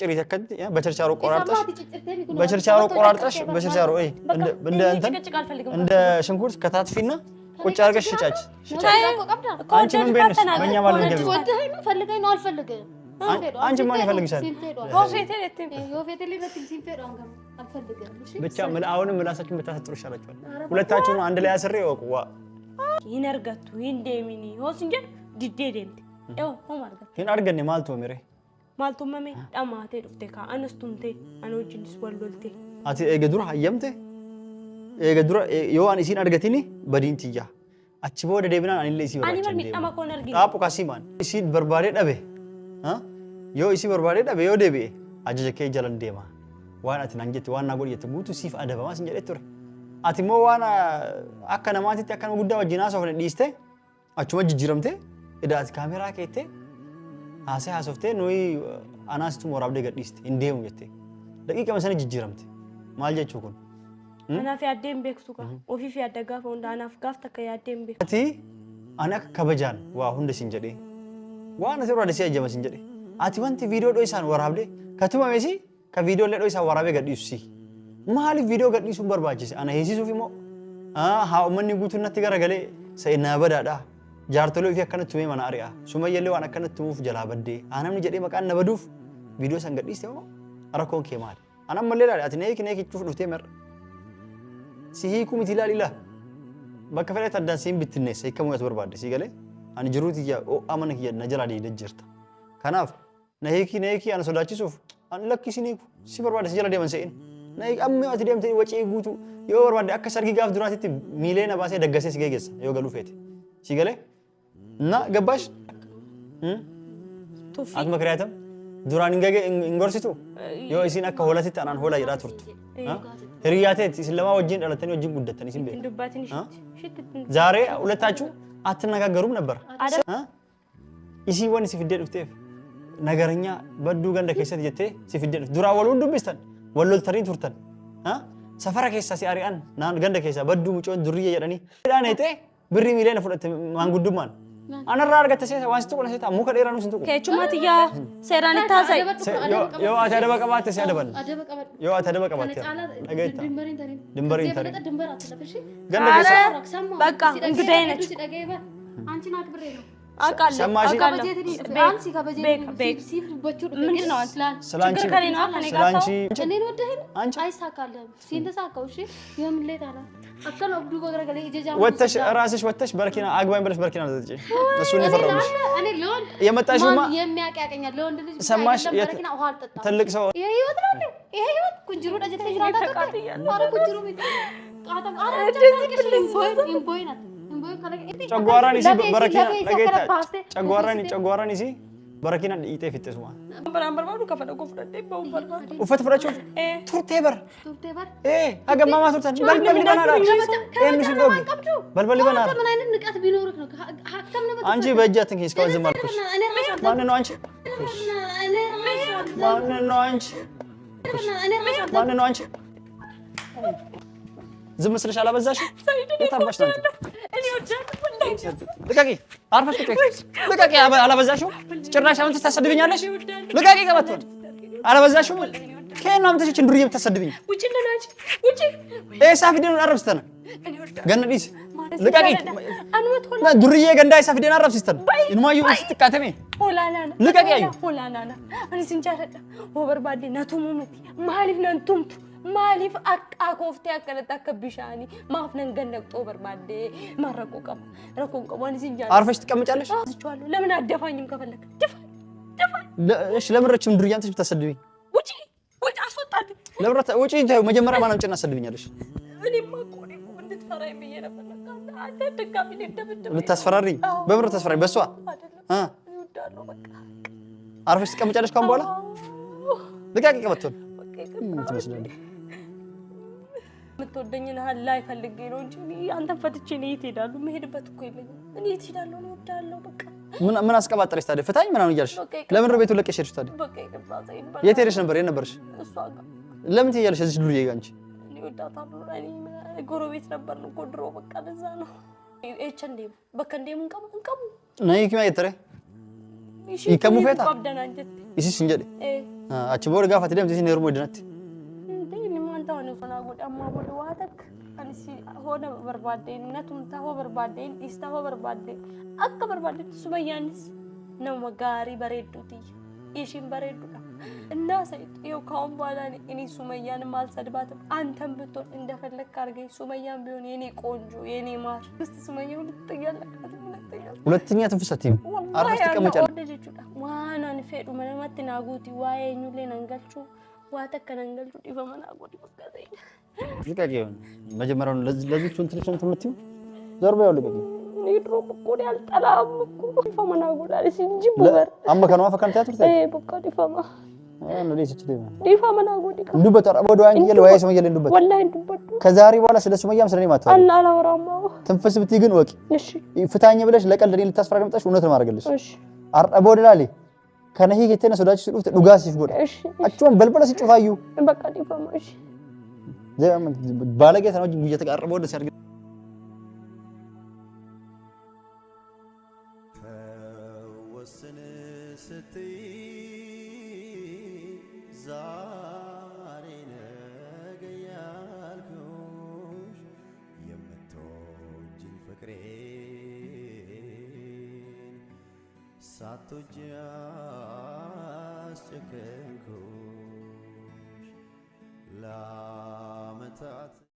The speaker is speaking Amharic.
ጭር ይተከል በቸርቻሮ ቆራርጠሽ በቸርቻሮ ቆራርጠሽ በቸርቻሮ እይ እንደ እንትን እንደ ሽንኩርት ከታትፊና ቁጭ አድርገሽ ሽጫች አንቺ ምን ቤት በእኛ ባለ ነገር ነው። ፈልገኝ ነው አልፈልግም። አንቺ ማን ይፈልግሻል? ብቻ ምን አሁንም ምላሳችን ብታሰጥሩ ይሻላችኋል። ሁለታችሁም አንድ ላይ አስሬ ወቁ ዋ ይነርገቱ ይንዴሚኒ ሆስ እንጀ ዲዴዴም ሆ ማርገቱ ይን አድርገን ማልቶ ወሚሬ maaltummaame dhamaatee dhufte kaa'anastumte an wajjinis wal loltee. Ati eega dura hayyamte eega dura yoo an isin argatini badiin tiyya. Achi booda deebinaan anillee isii barbaachaa deema. Ani miidhama koon argina. Xaapu kaasimaan isin barbaadee dhabe yoo isii barbaadee dhabe yoo deebi'e ajaja kee jalan deema. Waan ati naan jette waan naa godhiyette guutuu siif adabamaa sin jedhee ture. Ati immoo waan akka namaatitti akka nama guddaa wajjin haasofne dhiiste achuma jijjiiramte idaati kaameeraa keettee haasee haasoftee nuyi anaasitu mooraaf gadhiiste hin deemu jettee daqiiqama sana jijjiiramte maal jechuu kun. Kanaaf yaaddee hin beektu kaa ofiif yaadda gaafa hunda anaaf gaaf takka yaaddee hin beektu. Ati ani akka kabajaan waa hunda sin jedhee waan asirraa dasee ajjama sin jedhee ati wanti viidiyoo dhoo isaan waraabde ka tumameesi ka viidiyoo dhoo isaa waraabee si. maaliif viidiyoo gadhiisuun barbaachise ana heesisuuf immoo haa uummanni guutuu natti garagalee sa'inaa badaadhaa. jaartolee ofii akkanatti tumee mana ari'a. Sumayyalee waan akkanatti tumuuf jalaa baddee aanamni jedhee maqaan na baduuf viidiyoo san gadhiiste hoo rakkoon kee maali? Anam mallee laala ati neeki neeki cuuf dhuftee marra. Si hiikuu miti ilaalila. Bakka fedhatti addaan siin bittinneessa hiikamuu as barbaadde si galee ani jiruuti kiyya amana kiyya na jalaa deedee jirta. Kanaaf na na neeki ana sodaachisuuf ani lakkisiin hiiku si barbaadde si jala deeman se'in. Na hiiki amma ati deemtee wacii guutuu yoo barbaadde akka sargii gaaf duraatitti miilee na baasee daggasee si geggeessa yoo galuu feete si galee. እና ገባሽ አት መክሪያትም ዱራን እንገገ እንጎርሲቱ ዮ እሲን አከ ሆላት ጣናን ሆላ ይራ ቱርቱ ህሪያቴት ስለማ ወጂን ዳለተኒ ወጂን ጉደተኒ ሲምቤ ዛሬ ሁለታችሁ አትነጋገሩም ነበር እሲ ወን ሲፍደድ ድፍቴፍ ነገረኛ በዱ ገንደ ከሰት ጀቴ ሲፍደድ ዱራ ወሉ ዱብስተን ወሎልተኒ ቱርተን ሰፈራ ከሳ ሲአሪአን ናን ገንደ ከሳ በዱ ሙጮን ዱርዬ የደኒ ዳኔቴ ብሪ ሚሊዮን ፍለት ማንጉዱማን Anarraa argatte waan si tuqu seetaa muka dheeraan si tuqu. Keessumaa xiyyaa seeraan itti haasa'e. Yoo ati adaba qabaatte si adaban. Yoo ati adaba qabaatte. Dhageetta. Dimbarii hin tarin. Ganda keessa. Bakka ingidaa eenyuti. Anti naaf birree no. አውቃለሁ አውቃለሁ። ወተሽ ራስሽ ወተሽ በርኪና አግባኝ ብለሽ በርኪና ነው ዘጭ እሱ የመጣሽማ ሰማሽ። ትልቅ ሰው ጨጓራን ይዚ በረኪና ጨጓራን ይዚ Barakinaan dhiitee fixxisuma. Baraan barbaadu kafa dhaqoo fudhadhee bahuun barbaadu. Uffata fudhachuuf? Turtee bara. Turtee bara. Ee haga mamaa turtan. Balballi banaadha. Eenyu si dhoge? Balballi banaadha. ምን አይነት ንቀት ቢኖርህ ነው? አንቺ በእጅ አትንኪ። እስካሁን ዝም አልኩሽ። ማንን ነው አንቺ? ማንን ነው አንቺ? ማንን ነው አንቺ? ዝም ስልሽ አላበዛሽ? የታባሽ ናቸው? እኔ ወዳለሁ ልቀቂ! አርፈሽ ልቀቂ! ልቀቂ! አላበዛሽውም? ጭራሽ አሁን ታሳድብኛለሽ? ልቀቂ! ገባትሆን አላበዛሽውም? ከየት ነው አምጥተሽ እንዱርዬ ብታሳድብኝ? ሳፊደኑን አረብስተን ገነዲስ ልቀቂ! ዱርዬ ገንዳ ሳፊደን አረብሲስተን ንማዩ ስትቃተሜ ልቀቂ! አዩ ማሊፍ akka kooftee akkanatti akka bishaanii maafnan gannaqxoo barbaadde maan rakkoo qaba rakkoon qabu waan isin jaalladhu. ለምን አደፋኝም ከፈለክ እሺ ለምን ረችም ድር እያንተሽ ብታሰድብኝ? ውጪ ውጪ አስወጣልኝ። ለምን ረት ውጪ ተይው። መጀመሪያ ማን አምጪና አሰድብኛለሽ? እኔማ እኮ እኔ እኮ እንድትፈራኝ ብዬ ነበር። አንተ ድጋሚ ልደብድብ ልታስፈራሪኝ? በምን ልታስፈራሪኝ? በእሷ አ አርፈሽ ትቀምጫለሽ ካሁን በኋላ ልቃቂ ቀበቶን የምትወደኝ የምትወደኝን ላይ ፈልጌ ነው እንጂ አንተን ፈትቼ ነው የት እሄዳለሁ? መሄድበት እኮ የለኝም። እኔ የት እሄዳለሁ? ነው እወዳለሁ። በቃ ምን አስቀባጠረሽ ታዲያ? ፍታኝ ምናምን እያልሽ ለምን ነው ቤቱን ለቀሽ ሄድሽ? ታዲያ በቃ የት ሄደሽ ነበር? የት ነበርሽ? ለምን ትሄጃለሽ? እዚህ ዱርዬ ጋር እንጂ ጎረቤት ነበር እኮ ድሮ። በቃ ለዛ ነው በቃ እንዴም እንቀሙ እንቀሙ ነይ ኪማ ይተረ ይከሙ ፈታ ይሲስ እንጀዴ achi booda gaafa ati deemte isin heeruma iddinatti. ሆነ በርባዴ ነቱም ታሆ በርባዴ ዲስታ ሆ በርባዴ አከ በርባዴ ሱበያንስ ነው ጋሪ በሬዱቲ ኢሽን በሬዱዳ እና ሰይድ ይኸው ካሁን በኋላ እኔ ሱመያንም አልሰድባትም። አንተም ብትሆን እንደፈለግ አድርገኝ። ሱመያን ቢሆን የኔ ቆንጆ የኔ ማር ስት ሱመያ ሁለት ሁለተኛ ትንፍሰት አርፈሽ ዋናን ፌዱ መለማት ናጉቲ ዋየኙ ዋየኙሌ ነንገልቹ ዋተከ ነንገልቹ ዲበመናጎዲ በቃ መጀመሪያውን ለዚቹን ትንሽን ትምትዩ ዘርበ ያው ልቀቅ ድሮም እኮ እኔ አልጠላም እኮ ዲፋማ ናጎዳለች እንጂ ቡበር አመ ከነዋ ፈካን ታይ እኮ ዲፋማ ከዛሬ በኋላ ስለ ሱመያም ስለኔ አታወራም። ትንፍስ ብትይ ግን ወቂ ፍታኝ ብለሽ ለቀልድ እኔን ልታስፈራግምጠሽ እውነት ነው የማደርግልሽ። አርቦድላሌ ከነሂ ጌቴነ ሶዳች ወስን ስትይ ዛሬ ነገ ያልኩሽ የምትወጂኝ ፍቅሬን ሳትወጂ አስጨከንኩሽ ለዓመታት